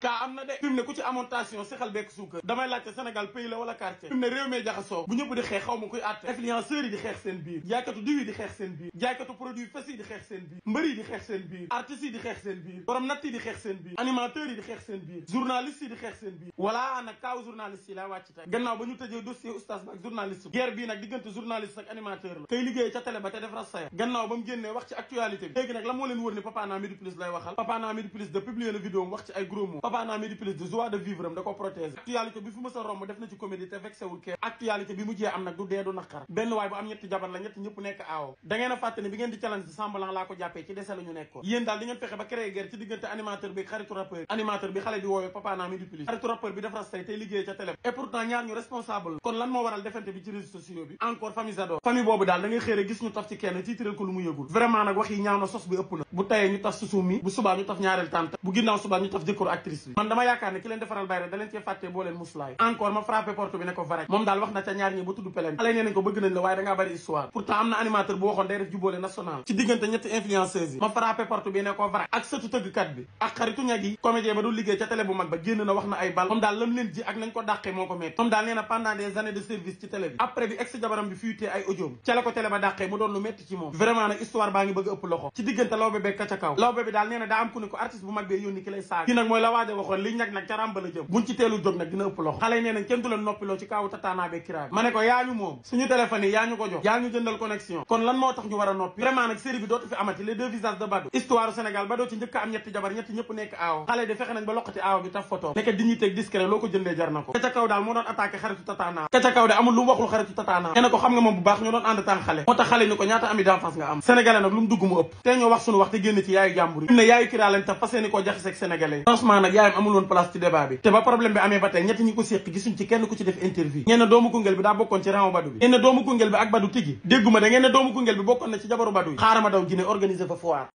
kaa am na de fi mu ne ku ci amoon tension si xel bekk suukar damay laajte Sénégal pays la wala quartier fi mu ne réew mee jaxasoo bu ñëpp di xeex xaw ma kuy àtte influenceurs yi di xeex seen biir jaaykatu diw yi di xeex seen biir jaaykatu produit fes yi di xeex seen biir mbër yi di xeex seen biir artistes yi di xeex seen biir borom natt yi di xeex seen biir animateurs yi di xeex seen biir journalistes nag kaaw journalistes yi laa wàcc tey gannaaw ba ñu te def rasaya gannaaw ba mu génnee bi nag la Papa naa multiplié de joie de vivre da ko protéger actualité bi fu ma romb def na ci comédie te vexewul kenn actualité bi mu am nag du dee naqar benn waay bu am ñetti jabar la ñett ñëpp nekk aawo da ngeen bi ngeen di challenge semblant laa ko jàppee ci dese la ñu nekkoon yéen daal di ngeen fexe ba créer guerre ci diggante animateur bi xaritu rappeur bi xale bi tey liggéey ca télé et pourtant ñaar ñu responsable kon liste man dama yaakaar ne ki leen defaral bayre da cee fàttee boo leen muslaay encore ma frappé porte bi ne ko na ca ñaar ñi ba tudd peleen alay nee nañ ko bëgg nañ la waaye dangaa bari histoire pourtant am na animateur bu waxoon day def jubóole national ci diggante ñetti influenceuse yi ma frappé porte bi ne ko ak sëtu tëggkat bi ak xaritu ñag yi comédien ba du liggéey ca télé bu mag ba génn na wax na ay bal moom daal Baldé waxoon li ñag nag ca ràmba la jëm buñ ci teelu jóg nag dina ëpp loxo xale yi nee kenn du leen noppiloo ci kaawu tataanaabee kiraa ma ne ko yaa moom suñu ñu ko jox yaa ko jëndee yaayu jàmbur yi ne yaayu kiraa lañ taf fas yéene koo jaxaseeg sénégalais franchement nag yaayam amul woon place ci débat bi te ba problème bi amee ba tey ñett ñi ko séq gisuñ ci kenn ku ci def interview ngeen ne doomu Koungheul bi daa bokkoon ci ramu Badou bi ngeen ne doomu Koungheul bi ak Badou tigi dégguma da ngeen doomu Koungheul bi bokkoon na ci jabaru Badou yi xaarama daw Guinée organiser fa foire